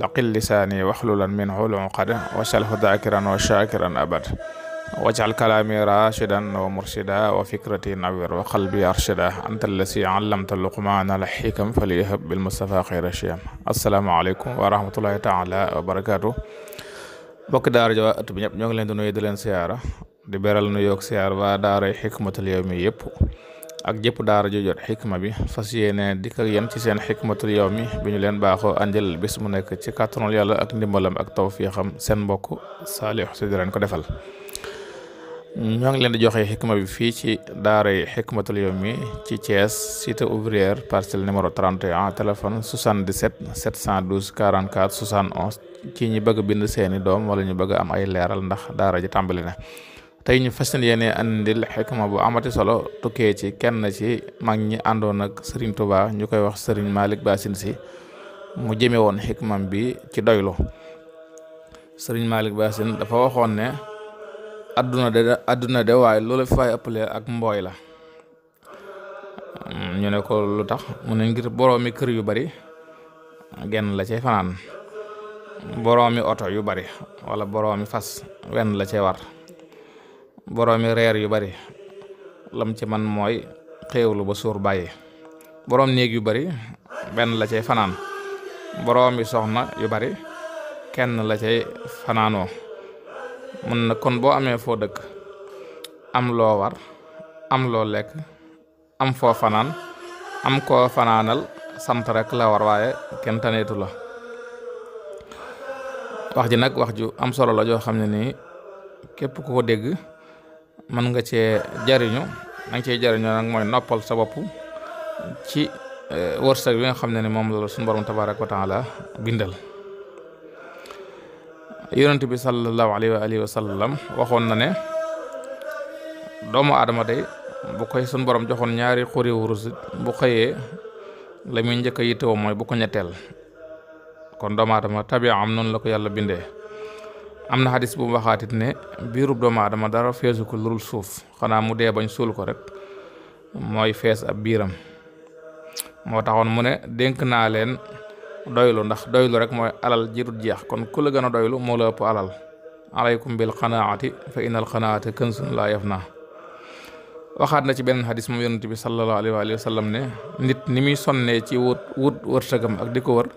laqil lisaani waxlulan min hulun qada wajal hu dakiran wa shakiran abad wajal kalaami rashidan wa mursida wa fikrati nawir wa qalbi arshida anta allasi allamta luqmaana alxikam falyahab bilmustafa xayra shiyam assalaamu aleykum wa rahmatullahi taala wa barakaatu bokk daara ja at bi ñëpp ñoo ngi leen di nuyu di leen siyaara di beral nu yoog siyaar waa daaray xikmatul yawmi yëpp ak jëpp daara ju jot xikma bi fas yéene dikk ak yéen ci seen xikmatul yawmi bi ñu leen baaxoo àndil bis mu nekk ci kàttanul yàlla ak ndimbalam ak taw xam seen mbokk Saliou Sy di ko defal ñoo ngi leen di joxe xikma bi fii ci daara yi xikmatul mi ci Thiès cité ouvrière parcelle numéro 31 téléphone 77 712 44 71 ci ñi bëgg bind seeni doom wala ñu bëgg am ay leeral ndax daara ji tàmbali na tey ñu fas yéene andil xikma bu amati solo tukkee ci kenn ci mag ñi àndoon ak sëriñ Touba ñu koy wax sëriñ Malick Bassine si mu jëme woon xikmam bi ci doylu sëriñ malik Bassine dafa waxoon ne adduna de adduna de waaye loolu fi fay ëppale ak mbooy la mm, ñu ne ko lu tax mu ne ngir boroomi kër yu bari genn la cay fanaan boroomi oto yu bari wala boroomi fas wenn la cay war boroomi reer yu bari lam ci man mooy xéewlu ba suur bàyyi boroom néeg yu bari benn la cay fanaan boroomi soxna yu bari kenn la cay fanaanoo mën na kon boo amee foo dëkk am loo war am loo lekk am foo fanaan am koo fanaanal sant rek la war waaye kenn taneetu la wax ji nag wax ju am solo la joo xam ne nii képp ku dégg mën nga cee jariñu danga cee jariñu nag mooy noppal sa bopp ci euh, wërsëg bi nga xam ne ni moom la suñ borom tabaaraka wa taala bindal yonent bi sallallahu alayhi wa alihi wa sallam waxoon na ne doomu adama day bu koy suñu borom joxoon ñaari xuri wurus bu xëyee la muy njëkk a mooy bu ko ñetteel kon doomu aadama am noonu la ko yàlla bindee am na xadis bu mu waxaatit ne biirub doomu aadama dara feesu ko lurul suuf xanaa mu dee bañ suul ko rek mooy fees ab biiram moo taxoon mu ne dénk naa leen doylu ndax doylu rek mooy alal ji dul jeex kon ku la gën a doylu moo la ëpp alal alaykum bil qanaati fa innal qanaata kansun laa yafnaa waxaat na ci benn xadis moom yonent bi sallallahu alayhi ne nit ni muy sonnee ci wut wut wërsëgam ak di ko wër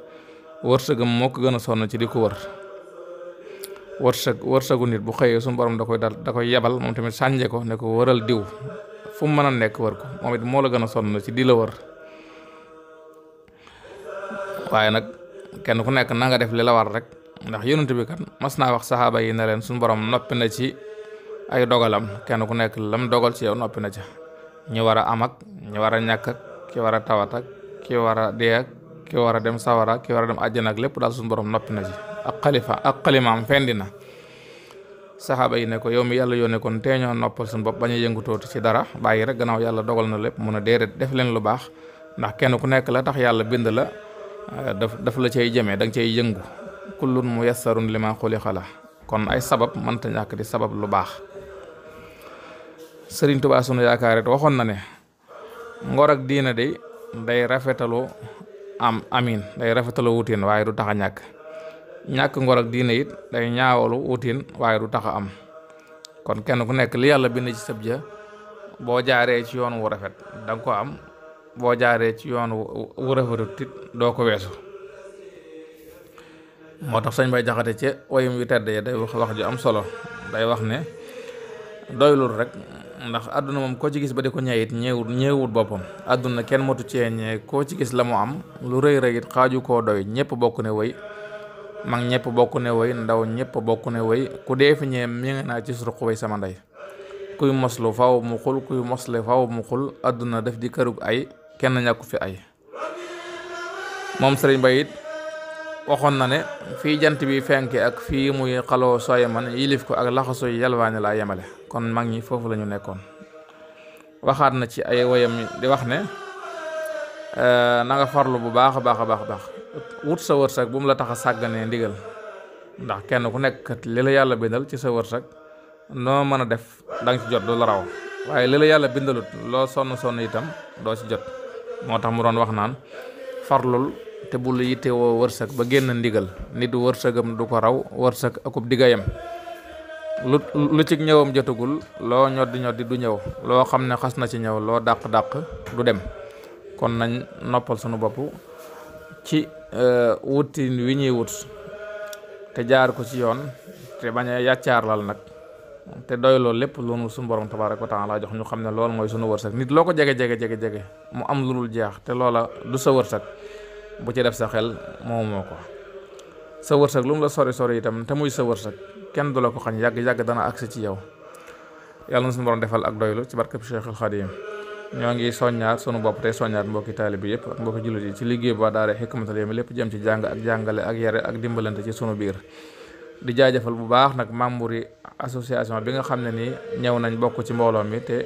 wërsëgam moo ko gën a sonn ci di ko wër wërsëg wërsëgu nit bu xëyee suñ borom da koy dal da koy yebal moom tamit sànje ko ne ko wëral diw fu mu mën a nekk wër ko moom it moo la gën a sonn ci di la wër waaye nag kenn ku nekk na def li la war rek ndax yonent bi kat mas naa wax saxaaba yi ne leen borom noppi na ci ay dogalam kenn ku nekk lam dogal ci yow noppi na ci ñu war a am ak ñu war a ñàkk ak ki war a tawat ak ki war a dee ak ki war a dem sawara ki war a dem àjjana ak lépp daal suñu borom noppi na ci ak xalifa ak xalimaam fendi na saxaaba yi ne ko yow mi yàlla yónnee kon teeñoo noppal suñu bopp bañ a yëngutooti ci dara bàyyi rek gannaaw yàlla dogal na lépp mun a déedéet def leen lu baax ndax kenn ku nekk la tax yàlla bind la eh, daf daf la cay jëmee da nga cay yëngu kullun mu yassarun li ma xuliqa la kon ay sabab mënta ñàkk di sabab lu baax sëriñ Tuubaa sunu yaakaar it waxoon na ne ngor ak diina de day rafetalu am amiin day rafetalu wutin waaye du tax a ñàkk ñàkk ngor ak diine it day ñaawalu wutin waaye du tax a am kon kenn ku nekk li yàlla bind ci sëb ja boo jaaree ci yoon wu rafet da nga ko am boo jaaree ci yoon wu rafetut it doo ko weesu moo tax sañ bay jaxate ci wayum yu tedd ya day wax wax ju am solo day wax ne doylul rek ndax àdduna moom koo ci gis ba di ko ñeewit ñeewut ñeewut boppam àdduna kenn motu cee koo ci gis la mu am lu rëy rëy it xaaju koo doy ñëpp bokk ne way mag ñëpp bokk ne woy ndaw ñëpp bokk ne woy ku dee fi ñee mi naa ci suruq way sama ndey kuy moslu faw mu xul kuy mosle faw mu xul àdduna def di kërug ay kenn ñàkku fi ay moom sëriñ Ba it waxoon na ne fii jant bi fenk ak fii muy xaloo sooye man yilif ko ak laxasu yalwaane laa yemale kon mag ñi foofu lañu nekkoon waxaat na ci ay woyam di wax ne eh, na nga farlu bu baax a baax a baax a baax wut sa wërsëg bu mu la tax a sàgganee ndigal ndax kenn ku nekk li la yàlla bindal ci sa wërsëg noo mën a def danga ci jot du la raw waaye li la yàlla bindalut loo sonn sonn itam doo ci jot moo tax mu doon wax naan farlul te bu la yittewoo wërsëg ba génn ndigal nit wërsëgam du ko raw wërsëg akub diggayam lu lu ci ñëwam jotagul loo ñoddi ñoddi du ñëw loo xam ne xas na ci ñëw loo dàq dàq du dem kon nañ noppal sunu bopp ci Euh, wutin wi ñuy wut te jaar ko ci yoon te bañ a lal nag te doy loolu lépp loolu suñu borom tabaaraka wa taala jox ñu xam ne loolu mooy suñu wërsëg nit loo ko jege jege jege jege mu am lu jeex te loola du sa wërsëg bu ci def sa xel moom moo ko sa wërsëg lu mu la sori sori itam te muy sa wërsëg kenn du la ko xañ yàgg yàgg dana agsi ci yow yàlla na suñu borom defal ak doylu ci barkeb Cheikhul Xadim ñoo ngi soññaat sunu bopp tey soññaat mbokki taalibe yëpp ak mbokki jullit yi ci liggéey bu daara Hikmatul Yawmi lépp jëm ak jàngale ak yare ak dimbalante ci sunu biir di jaajafal bu baax nag membre yi association bi nga xam ne nii ñëw nañ bokk ci mbooloo mi te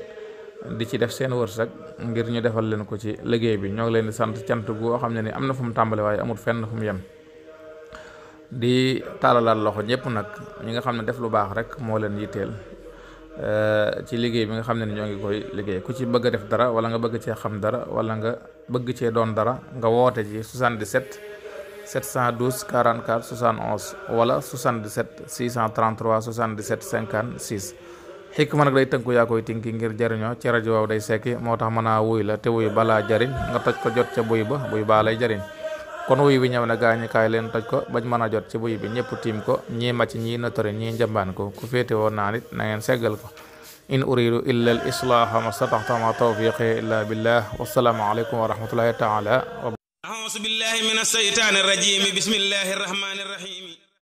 di ci def seen wërsëg ngir ñu defal leen ko ci liggéey bi ñoo ngi leen di sant cant goo xam ne ni am na fu mu tàmbale waaye amul fenn fu mu yem di tàllalaat loxo ñëpp nag ñi nga xam ne def lu baax rek moo leen yitteel ci liggéey bi nga xam ne ñoo ngi koy liggéey ku ci bëgg a def dara wala nga bëgg cee xam dara wala nga bëgg cee doon dara nga woote ci 77 712 44 71 wala 77 633 77 56. xikma nag day tënku yaa koy tinki ngir jariñoo ci rajo day sekki moo tax mën a wuy la te wuy balaa jariñ nga toj ko jot ca buy ba buy baa lay jariñ kon wuy bi ñëw na gaañi kaay leen toj ko bañ mën a jot ci wuy bi ñëpp tiim ko ñii màcc ñii na tore ñii njambaan ko ku féete woon naa nit na ngeen seggal ko in uridu illa al islaaha ma stataxtama tawfiqi illa billah wasalaamu aleykum wa rahmatullahi taala ausu billahi min alseytaani arrajim bismillahi arrahmani arrahim